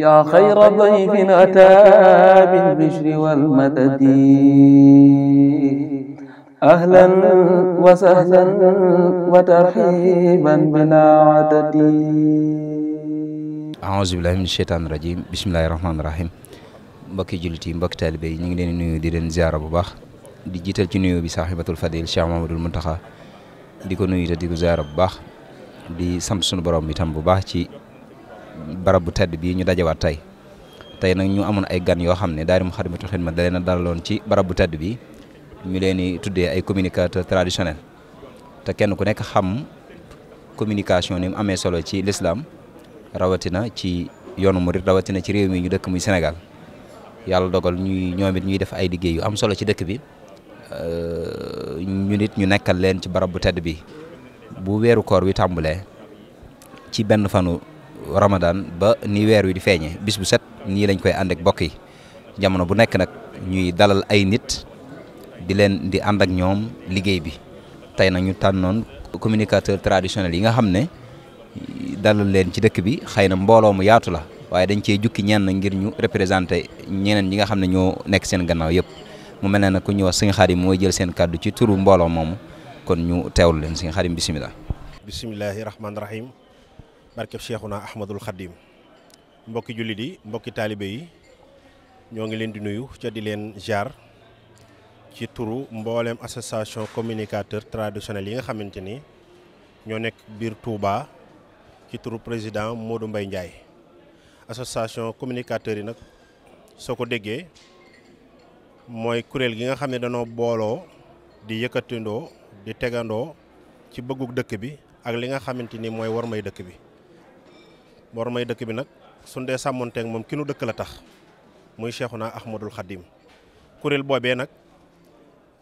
yaa xayra dayfin ataa bil bishri wal madadi ahlan wa sahlan wa tarxiiban bilaa adadi. aouzu billaahi min sheytaani rajiim bismillaahi rahmaani rahiim mbokki jullit yi yi ñu ngi leen nuyu di leen ziara bu baax di jiital ci nuyu bi saaxibatul fadil Cheikh Mamadul Muntaxa di ko nuyu te di ko bu baax di sant sunu borom bi tam bu baax ci. barab bu tedd bii ñu dajewaat tey tey nag ñu amoon ay gan yoo xam ne daari mu Moukhaddamatoul Khidma da leen a dalaloon ci barab bu tedd bi ñu leen di tuddee ay communicateur traditionel te kenn ku nekk xam communication ni amee solo ci l'islam rawatina ci yoonu murid rawatina ci réew mi ñu dëkk muy Sénégal yàlla dogal ñuy ñoom it ñuy def ay liggéey yu am solo ci dëkk bi ñu nit ñu nekkal leen ci barab bu tedd bi bu weeru koor wi tàmbalee ci benn fanu Ramadan ba ni weer wi di feeñe bis bu set nii lañ koy ànd bokk yi jamono bu nekk nag ñuy dalal ay nit di leen di ànd ak ñoom liggéey bi tey nag ñu tànnoon communicateur traditionnel yi nga xam ne dalal leen ci dëkk bi xëy na mbooloo mu yaatu la waaye dañ cee jukki ñenn ngir ñu représenté ñeneen ñi nga xam ne ñoo nekk seen gannaaw yëpp mu mel ne nag ku ñuy wax sëñ Xaadim mooy jël seen kàddu ci turu mbooloo moomu kon ñu teewlu leen sëñ Xaadim bisimilah. bisimilahi barkeb Cheikhuna Ahmadul Khadim mbokki jullit yi mbokki taalibe yi ñoo ngi leen di nuyu ca di leen jaar ci turu mbooleem association communicateur traditionnel yi nga xamante ni ñoo nekk biir Touba ci turu président Modou mbay Ndiaye association communicateur yi nag soo ko déggee mooy kuréel gi nga xam ne danoo booloo di yëkkatindoo di tegandoo ci bëggug dëkk bi ak li nga xamante ni mooy war may dëkk bi war may dëkk bi nag suñ dee sàmmonteeg moom ki nu dëkk la tax muy Cheikhuna Ahmadul Khadim kuréel boobee nag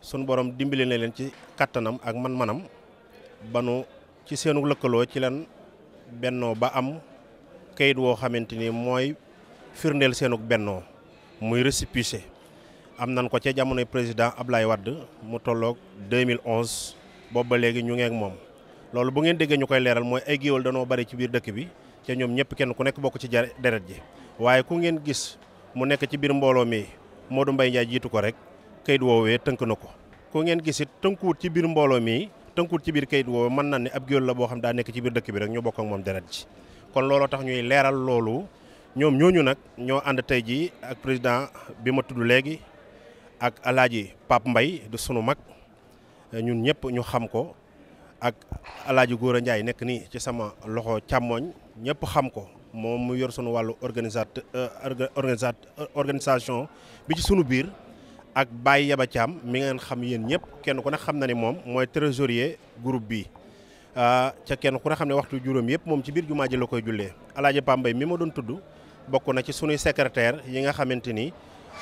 sun borom dimbali na leen ci kattanam ak man-manam ba nu ci seenu lëkkaloo ci leen bennoo ba am kayit woo xamante ni mooy firndeel seenug bennoo muy récépissé am nan ko ca jamonoy président ab laay Wade mu tolloog 2011 boobu ba léegi ñu ngeek moom loolu bu ngeen déggee ñu koy leeral mooy ay géwal danoo bari ci biir dëkk bi te ñoom ñëpp kenn ku nekk bokk ci deret ji waaye ku ngeen gis mu nekk ci biir mbooloo mi Modou Mbaye Ndiaye jiitu ko rek kayit woowee tënk na ko ku ngeen gis it tënkuwut ci biir mbooloo mi tënkuwut ci biir kayit woowee mën na ne ab géwél la boo xam daa nekk ci biir dëkk bi rek ñu bokk ak moom deret kon looloo tax ñuy leeral loolu ñoom ñooñu nag ñoo ànd tey jii président bi léegi ak alaaji Pape Mbaye du sunu mag ñun ñëpp ñu xam ko ak alaaji Gora Ndiaye nekk nii ci sama loxo càmmooñ ñëpp xam ko moom mu yor sunu wàllu organisate euh, organisate organisation bi ci sunu biir ak Baye Yaba Thiam mi ngeen xam yéen ñëpp kenn ku ne xam na ni moom mooy trésorier groupe bi euh, ca kenn ku ne xam ne waxtu juróom yëpp moom ci biir jumaa ji la koy jullee alaaji Pambay mi ma doon tudd bokk na ci sunuy secrétaire yi nga xamante ni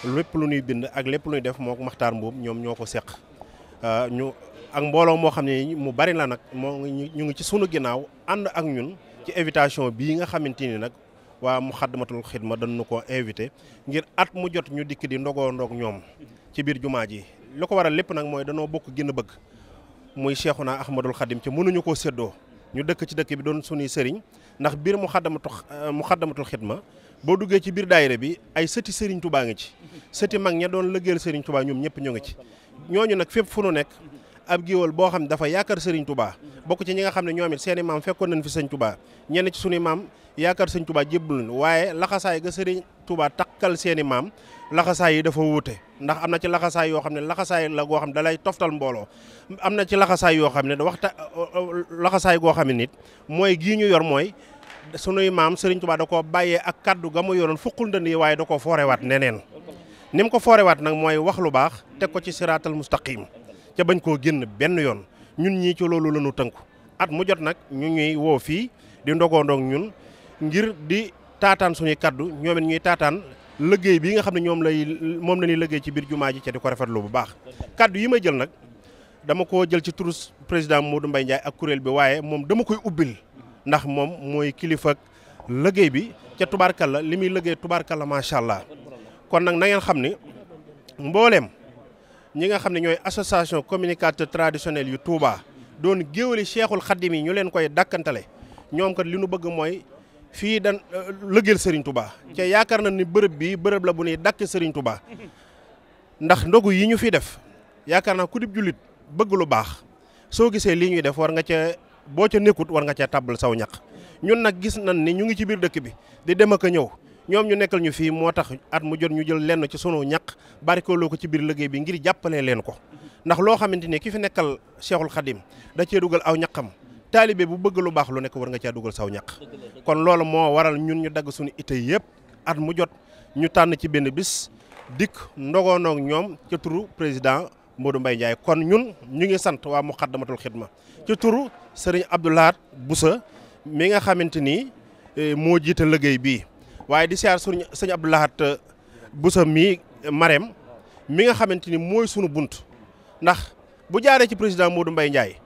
lépp lu ñuy bind ak lépp lu def moo ko Maxtaar Mbuub ñoom ñoo ko seq euh, ñu ak mbooloo moo xam ne mu bari la nag moo ñu ngi ci sunu ginnaaw ànd ak ñun ci invitation bii nga xamante ni nag waa mu xaddamatul xidma dañu ko invité ngir at mu jot ñu dikk di ndogoo ndoog ñoom ci biir jumaa ji lu ko waral lépp nag mooy danoo bokk gën a bëgg muy Seexuna Ahmadul Xadim ci mënuñu ko seddoo ñu dëkk ci dëkk bi doon sunuy sëriñ ndax biir mu xaddamatu mu xaddamatul euh, xidma boo duggee ci biir daayira bi ay sëti sëriñ tubaa ngi ci sëti mag ña doon lëggeel sëriñ tubaa ñoom ñëpp ñu ngi ci ñooñu nag fépp fu nekk ab géwal boo xam ne dafa yaakaar sëriñ tubaa bokk ci ñi nga xam ne ñoom seeni seen i maam fekkoon fi sëñ tubaa ñenn ci suñu maam yaakaar sëñ tubaa jébbal nañ waaye laxasaay ga sëriñ tubaa takkal seeni maam laxasaay yi dafa wuute ndax am na ci laxasaay yoo xam ne laxasaay la goo xam ne dalay toftal mbooloo am na ci laxasaay yoo xam ne waxta laxasaay goo xam ne nit mooy gii ñu yor mooy su sunuy maam sëriñ tubaa da koo bàyyee ak kaddu ga mu yoroon fukkul ndënd yi waaye da koo foorewaat neneen ni mu ko foorewaat nag mooy wax lu baax teg ko ci siraatal mustaqim ca bañ koo génn benn yoon ñun ñii ci loolu la ñu tënku at mu jot nag ñu ñuy woo fii di ndogondoog ñun ngir di taataan suñuy kàddu ñoom it ñuy taataan liggéey bi nga xam ne ñoom lay moom la ñuy liggéey ci biir jumaa ji ca di ko rafetlu bu baax. kàddu yi may jël nag dama ko jël ci turu président Modou mbay Ndiaye ak kuréel bi waaye moom dama koy ubbil ndax moom mooy kilifa liggéey bi ca tubaarkalla li muy liggéey tubaarkalla macha allah kon nag na xam ni mbooleem ñi nga xam ne ñooy association communicateur traditionnel yu Touba doon géwali Cheikhul Khadim yi ñu leen koy dakkantale ñoom kat li nu bëgg mooy fii dan euh, lëggeel Serigne Touba. te yaakaar na ni bërëb bii bërëb la bu ñuy dakk Serigne Touba ndax ndogu yi ñu fi def yaakaar naa ku dib jullit bëgg lu baax soo gisee lii ñuy def war nga ca boo ca nekkut war nga ca tàbbal saw ñaq ñun nag gis nañ ni ñu ngi ci biir dëkk bi di dem ak a ñëw. ñoom ñu nekkal ñu fii moo tax at mu jot ñu jël lenn ci sunu ñaq barkeeloo ko ci biir liggéey bi ngir jàppale leen ko ndax loo xamante ne ki fi nekkal Cheikhul Khadim da cee dugal aw ñaqam taalibe bu bëgg lu baax lu nekk war nga caa dugal saw ñaq kon loolu moo waral ñun ñu dagg suñu ité yëpp at mu jot ñu tànn ci benn bis dikk ndogoonoog ñoom ca turu président Modou mbay Ndiaye kon ñun ñu ngi sant waa mu Muxaddamatul Xidma ci turu sëriñ Abdoulahat Boussa mi nga xamante ni eh, moo jiite liggéey bii waaye di siyaar suñu sëñ Abdou bu sa mii Marème mi nga xamante ni mooy sunu bunt ndax bu jaaree ci président Modou mbay Ndiaye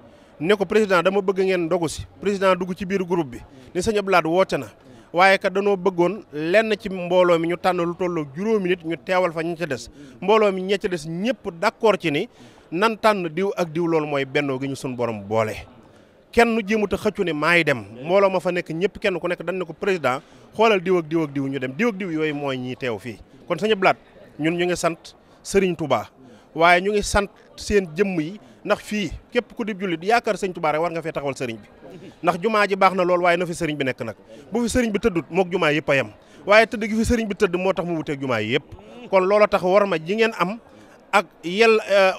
ne ko président dama bëgg ngeen ndogu si président dugg ci biir groupe bi ni sëñ Abdou Lahat na waaye kat danoo bëggoon lenn ci mbooloo mi ñu tànn lu tolloo juróomi nit ñu teewal fa ñi ca des mbooloo mi ña ca des ñëpp d'accord ci ni nan tànn diw ak diw loolu mooy bennoo gi ñu sunu borom boole. kenn jéemut a xëccu ne maay dem mbooloo ma fa nekk ñëpp kenn ku nekk dañ ne ko président xoolal diw ak diw ak ñu dem diw diw yooyu mooy ñi teew fii kon sañu laat ñun ñu ngi sant Serigne Touba waaye ñu ngi sant seen jëm yi ndax fii képp ku di jullit yaakaar sëñ Touba rek war nga fee taxawal sëriñ bi ndax jumaa ji baax na lool waaye na fi sëriñ bi nekk nag bu fi sëriñ bi tëddut mook yëpp a yem waaye tëdd bi tëdd moo tax mu wuteeg jumaa yi yëpp kon loola tax war ma ji ngeen am ak yell euh,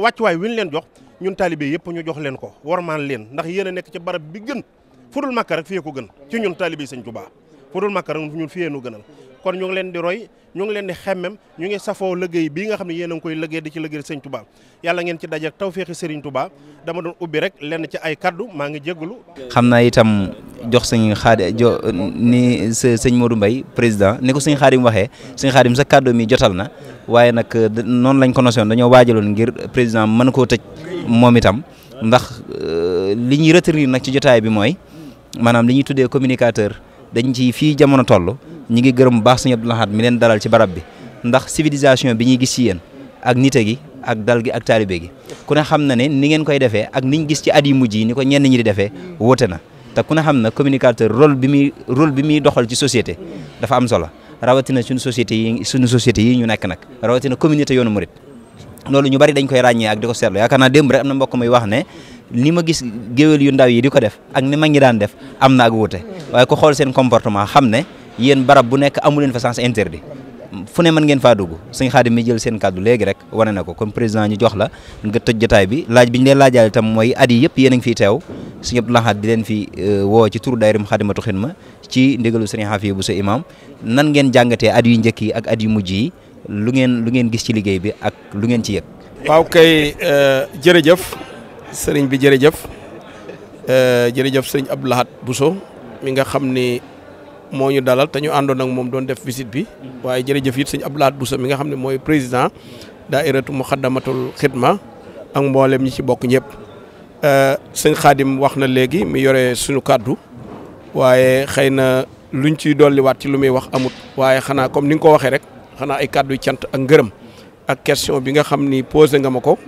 wàccuwaay wi ñu leen jox ñun taalibe yëpp ñu jox leen ko warmaan leen ndax yéen nekk ci barab bi gën fudul makk rek fiyee ko gën ci ñun taalibe Sëñ Tuubaa fudul Makka rek ñun fiyee nu gënal kon ñu ngi leen di roy ñu ngi leen di xemmem ñu ngi safoo liggéey bi nga xam ne yéen nga koy liggéey di ci liggéey Sëñ Tuubaa yàlla ngeen ci daje ak tawféexi Sëriñ Tuubaa dama doon ubbi rek lenn ci ay kaddu maa ngi jégalu. xam naa itam jox sëñ xaadi jo ni sëñ Modou Mbaye président ni ko sëñ Xaadim waxee sëñ Xaadim sa kaddu mi jotal na waaye nag euh, noonu lañ ko nosoon dañoo waajaloon ngir président man koo tëj moom itam ndax euh, li ñuy retenir nag ci jotaay bi mooy maanaam li ñuy tuddee communicateur dañ ci fii jamono toll ñi ngi gërëm baax Sëñ Abdou Lahad mi leen dalal ci barab bi ndax civilisation bi ñuy gis ci yéen ak nite gi ak dal gi ak taalibe gi ku ne xam na ne ni ngeen koy defee ak niñ gis ci at yu mujj yi ni ko ñenn ñi di defee woote na te ku ne xam na communicateur rôle bi muy rôle bi muy doxal ci société dafa am solo rawatina suñu société yi suñu société yi ñu nekk nag rawatina communauté yoonu murit loolu ñu bari dañ koy ràññee ak di ko seetlu yaakaar naa démb rek am na mbokk muy wax ne li ma gis géwél yu ndaw yi di ko def ak ni mag ñi daan def am na ak wuute waaye ko xool seen comportement xam ne yéen barab bu nekk amu leen fa sens interdit fu ne mën ngeen faa dugg sëñ Xaadim mi jël seen kàddu léegi rek wane na ko comme président ñu jox la nga tëj bi laaj bi ñu leen laajaal itam mooy yëpp yéen a ngi fiy teew sëñ Abdou Lahad di leen bu euh, sa lu ngeen lu ngeen gis bi lu ngeen ci yëg. waaw kay euh, jërëjëf sëriñ bi jërëjëf euh, jërëjëf sëriñ Abdou Lahad mi nga xam ni moo ñu dalal ta ñu àndoon ak moom doon def visite bi waaye jërëjëf it sëñ Abdou Lahad Bousso mi nga xam ne mooy président daa iratu daairatu muxaddamatul xidma ak mboolem ñi ci bokk ñëpp euh, sëñ Xaadim wax na léegi mi yore sunu kàddu waaye xëy na luñ ciy dolliwaat ci lu muy wax amut waaye xanaa comme ni nga ko waxee rek xanaa ay kàddu cant ak ngërëm ak question bi nga xam ni posé nga ma ko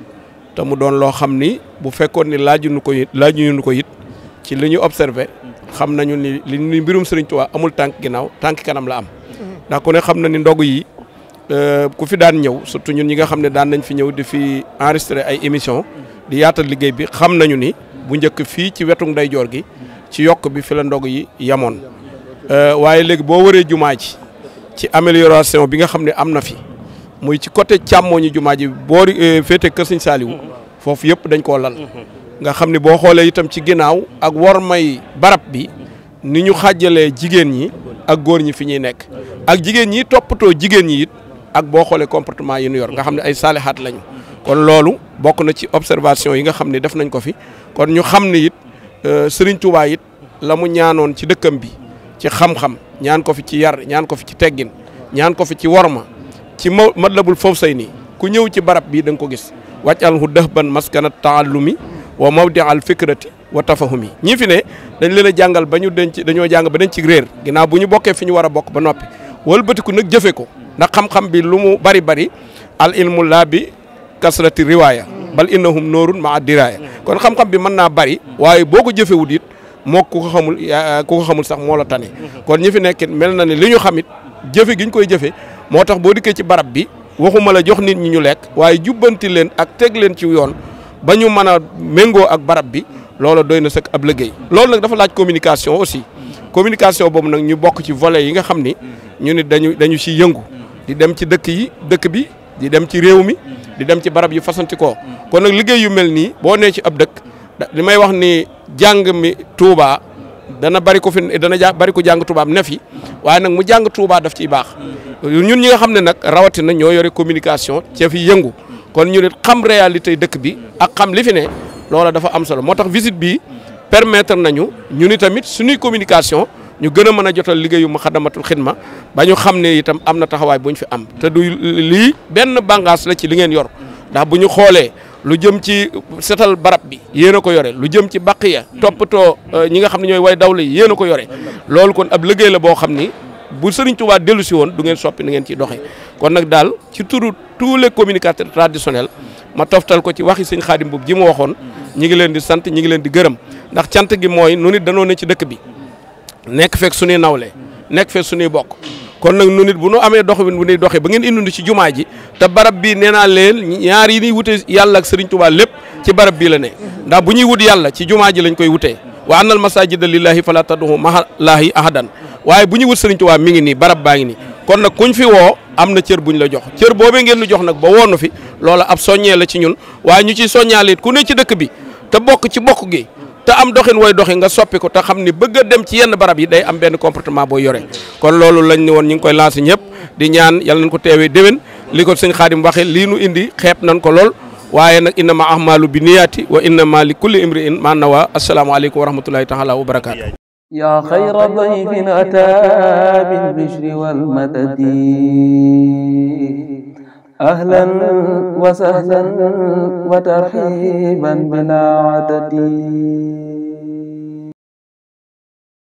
te mu doon loo xam ni bu fekkoon ni laajuñu ko it laajuñu ko it ci li ñu observé xam nañu ni li ni mbirum Sëriñ Tuubaa amul tànk ginnaaw tànk kanam la am ndax ku ne xam na ni ndog yi euh, ku fi daan ñëw surtout ñun ñi nga xam ne daan nañ fi ñëw di fi enregistré ay émission di yaatal liggéey bi xam nañu ni bu njëkk fii ci wetu ndeyjoor gi ci yokk bi fi la ndog yi yamoon euh, waaye léegi boo waree jumaa ji ci amélioration bi nga xam ne am na fi muy ci côté càmmooñu jumaa ji boori euh, féete Kër Sëñ foofu yëpp dañ koo lal nga xam ni boo xoolee itam ci ginnaaw ak war may barab bi ni ñu xàjjalee jigéen ñi ak góor ñi fi ñuy nekk ak jigéen ñi toppatoo jigéen ñi it ak boo xoolee comportement yi yor nga xam ne ay saalihaat lañu kon loolu bokk na ci observation yi nga xam ne def nañ ko fi kon ñu xam ne it euh, Serigne Touba it la mu ñaanoon ci dëkkam bi ci xam-xam ñaan ko fi ci yar ñaan ko fi ci teggin ñaan ko fi ci ma ci ma matlabul ni ku ñëw ci barab bii da nga ko gis wàcc alhu dëx ban maskana taallumi wa mawdi al fikrati wa tafahumi ñi fi ne dañ leen a jàngal ba ñu denc dañoo jàng ba denc ci réer ginnaaw bu ñu bokkee fi ñu war a bokk ba noppi wëlbatiku nag jëfe ko ndax xam-xam bi lu mu bari bari al ilmu laa bi kasrati riwaaya bal innahum noorun maa diraaya kon xam-xam bi mën naa bari waaye boo ko jëfewut it moo ku ko xamul ku xamul sax moo la tane kon ñi fi nekk mel na ne li ñu xamit jëfe gi ñu koy jëfe moo tax boo dikkee ci barab bi waxuma la jox nit ñi ñu lekk waaye jubbanti leen ak teg leen ci yoon ba ñu mën a méngoo ak barab bi loolu doy na sëkk ab liggéey loolu nag dafa laaj communication aussi communication boobu nag ñu bokk ci vole yi nga xam ni ñu ne dañu dañu siy yëngu di dem ci dëkk yi dëkk bi di dem ci réew mi di dem ci barab yu fasantikoo kon nag liggéey yu mel nii boo nee ci ab dëkk li may wax ni jàng mi Touba dana bari ko fi dana ja bari ko jàng Touba am ne fi waaye nag mu jàng Touba daf ciy baax ñun ñi nga xam ne nag rawatina ñoo yore communication ci fi yëngu. kon ñu nit xam réalité dëkk bi ak xam li fi ne loola dafa am solo moo tax visite bi permettre nañu ñu ni tamit suñuy communication ñu gën a mën a jotal liggéeyu Moukhaddamatoul Khidma ba ñu xam ne itam am na taxawaay bu ñu fi am te du lii benn bànqaas la ci li ngeen yor ndax bu ñu xoolee lu jëm ci setal barab bi yéen a ko yore lu jëm ci bàq ya toppatoo euh, ñi nga xam ne ñooy way dawle yéen a ko yore loolu kon ab liggéey la boo xam ni bu Serigne Touba dellu si woon du ngeen soppi na ngeen ciy doxee kon nag daal ci turu tu les communicateurs traditionnels ma toftal ko ci waxi sëñ xaadim boobu ji mu waxoon ñi ngi leen di sant ñi ngi leen di gërëm ndax cant gi mooy nu nit danoo ne ci dëkk bi nekk fekk suñuy nawle nekk fekk suñuy bokk kon nag nu nit bu nu amee dox bi bu nuy doxee ba ngeen indi ci jumaa ji te barab bii nee naa leen ñaar yi ñuy wute yàlla ak Serigne lépp ci barab bii la ne ndax bu ñuy wut yàlla ci jumaa ji lañ koy wutee wa annal masajida lillahi fala tad'u ma'a llahi ahadan waaye bu ñu wut Sëriñ waa mi ngi nii barab baa ngi nii kon nag kuñ fi woo am na cër buñ la jox cër boobee ngeen nu jox nag ba woonu fi loola ab soññee la ci ñun waaye ñu ciy soññaale it ku ne ci dëkk bi te bokk ci bokk gi te am doxin way doxi nga soppi ko te xam ni bëgg dem ci yenn barab yi day am benn comportement boo yore kon loolu lañ ne woon ñu ngi koy lancé ñëpp di ñaan yal nañ ko teewee déwén li ko sëñ Xaadim waxe lii nu indi xeeb nañ ko lool waaye nag innama ahmalu bi niyaati wa innama li kulli imri'in ma nawa assalamu alaykum wa rahmatullahi ta'ala wa barakatuh ya khayra dayfin ata bil bishri wal madadi ahlan wa sahlan wa tarhiban bila adadi